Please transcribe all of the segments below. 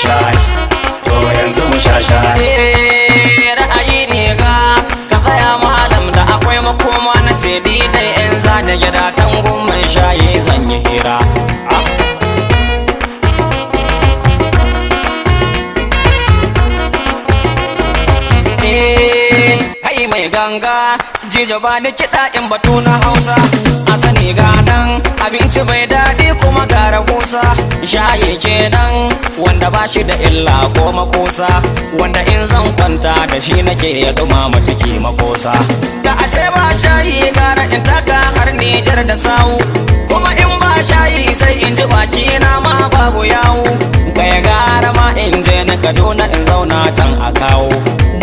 sha to yanzu mu sha eh, ra'ayi ne ga ka tsaya malam da akwai makoma na ce ni da yan za da gida tangun mai shaye zan yi hira eh, mai ganga jijaba da kiɗa in batu na hausa a sani nan abinci bai da shaye kenan wanda ba shi da illa ko makosa wanda in zan kwanta da shi nake ya dumama ciki makosa da a ce ba shayi gara in taka har nijar da sawu kuma in ba shayi sai in ji baki na ma babu yawo kai gara ma in je na kaduna in zauna can a kawo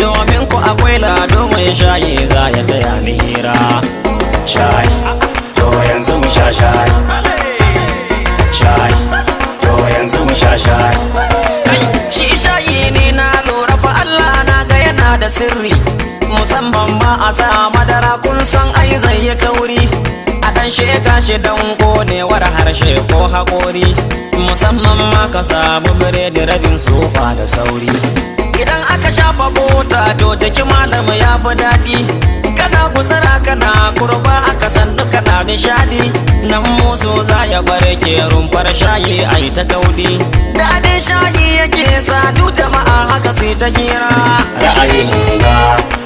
domin ku akwai lado mai shayi za ya taya ni hira to yanzu mu sha shayi sirri musamman ba a sa madara kun san ai zai yi kauri a dan sheka shi dan konewar harshe ko hakori musamman ma ka samu biredi rabin sofa da sauri idan aka shafa mota to jiki malama ya fi daɗi kana guzura kana kurba aka sannu kana nishadi nan musu za ya barke rumfar shayi a yi ta gaudi daɗin shayi yake sadu jama'a haka su ta hira ra'ayin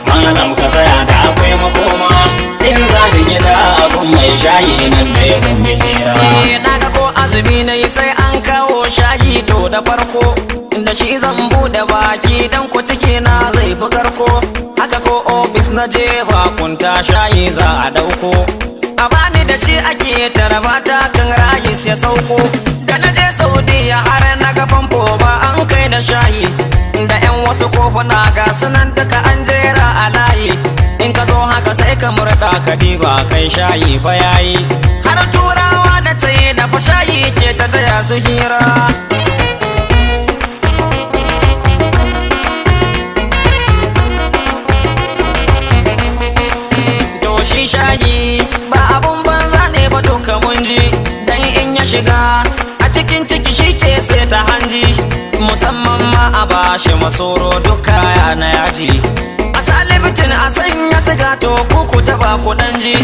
malam ka saya da akwai makoma in za da gida abun mai shayi nan da ya zange hira eh, na ga ko azumi na yi sai an kawo shayi to da farko da shi zan bude baki dan ku ciki na zai fi garko haka ko ofis na je bakunta shayi za a dauko a bani da shi ake tarabata kan rayis ya sauko da na je saudiya har na ga famfo ba an kai da shayi da yan wasu kofuna ga sunan duka an jera a layi in ka zo haka sai ka murda. ka diba kai shayi fa yayi har turawa da tsaye da fa shayi ke ta taya su hira shiga a cikin ciki shi ke sai ta hanji musamman ma a bashi masoro duk kaya na yaji a salibitin a sanya siga to kuku taba kudan ji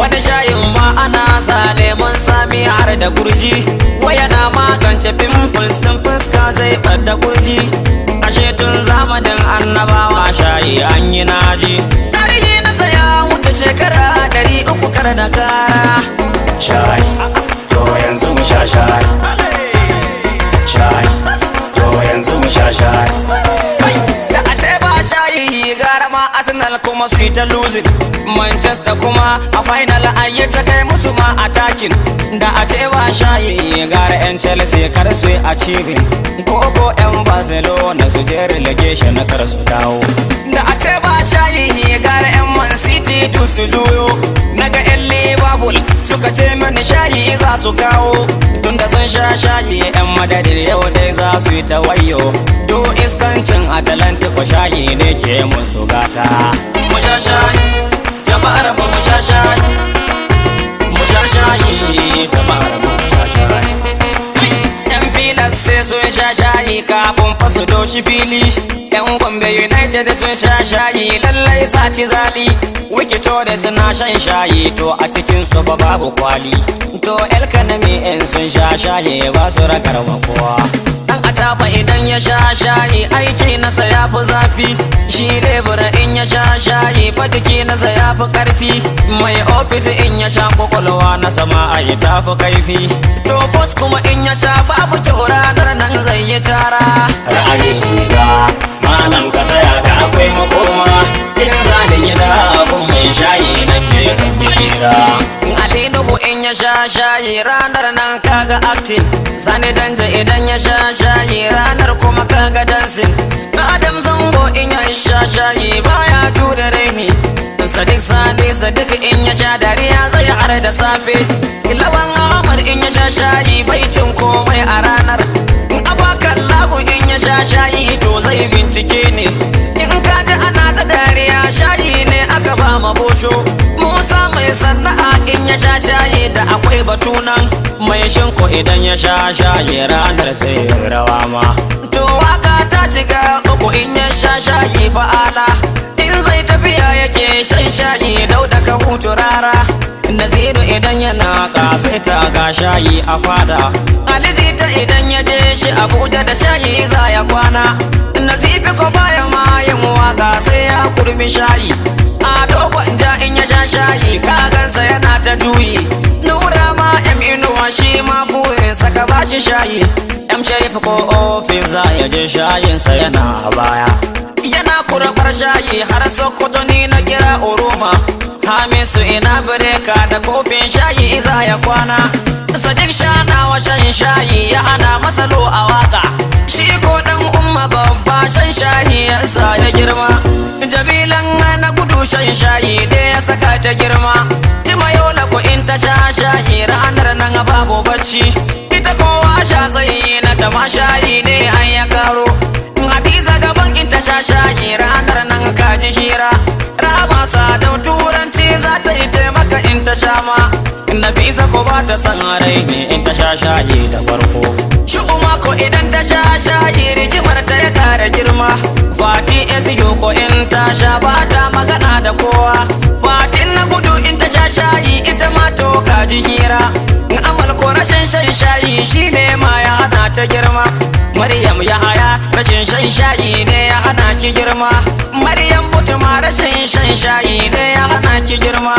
wani shayin ma ana sa lemon sami har da gurji waya na magance pimples din fuska zai da gurji a shetun zamanin annabawa shayi an yi naji tarihi na saya wuce shekara ɗari uku kar da kara musu ita losing manchester kuma a final yi ta kai musu ma attacking da a ce ba shayi gara yan chelsea kar su yi achieving koko yan barcelona su je relegation kar su dawo da a ce ba shayi gara yan man city su juyo suka ce mani shayi za su kawo tunda sun sha shayi yan madadin yau dai za su yi ta wayo do iskancin atalanta ko shayi ne ke musu gata mu sha shayi jama'ar mu sha shayi mu sha shayi jama'ar sun sha shayi kafin fasu doshi fili yan gombe united sun sha shayi lallai saci zali wikito da suna shan shayi to a cikin su ba babu kwali to elkanami en sun sha shayi ba su ragar kowa dan acaba idan ya sha shayi aiki nasa ya fi zafi shi lebura in ya sha shayi fatiki nasa ya fi karfi mai ofis in ya sha kwakwalwa na sama a yi tafi kaifi tofos kuma in ya sha babu kyau ranar nan zai yi tara ra'ayi gida malam ka saya da akwai makoma in za da gida abun mai shayi nan ne ya san ya sha shayi ranar nan kaga acting sani danja idan ya sha shayi ranar kuma kaga dancing adam zango in ya sha shayi baya tura raimi sadik sadi sadik in ya sha dariya zai har da safe kilawan amar in ya sha shayi bai cin komai a ranar in abakan lagu in ya sha shayi to zai bincike ne in kaji ana ta dariya shayi aka ba ma bosho musa mai sana'a in ya sha shaye da akwai batunan mai shinko idan ya sha shaye ranar sai rawa ma to waka ta shiga uku in ya sha shayi fa'ala in zai tafiya yake shan shayi dauda ka hutu rara naziru idan yana ta ga shayi a fada zita idan ya je shi abuja da shayi za ya kwana nazifi ko baya ma yin waka sai ya kurbi shayi a dogo ja in ya sha shayi kagansa yana ta juyi nura ma yam inuwa shi ma burin saka bashi shayi yam sharif ko ofin za ya je shayinsa yana baya yana kurbar shayi har sokoto ni na kira na bireka da kofin shayi za ya kwana sadiq shanawa shan shayi ya hana masalo a waka shi ko dan umma babba shan shayi ya sa ya girma jabilan na gudu shan shayi da ya saka ta girma tima na ko in ta sha shayi ranar nan babu bacci ita kowa sha tsayi na ta ma shayi ne an ya karo hadiza gaban in ta sha shayi ranar nan ka ji hira rama sa nafisa ko ba ta san rai ne in ta sha shayi da farko shi uma ko idan ta sha shayi rigimar ta ya kara girma fati esiyo ko in ta sha bata magana da kowa fatin na gudu in ta sha shayi ita ma to ji hira amal ko rashin shan shayi shine ma ya hana ta girma Maryam ya haya rashin shan shayi ne ya hana ki girma Maryam Mutuma rashin shan shayi ne ya hana ki girma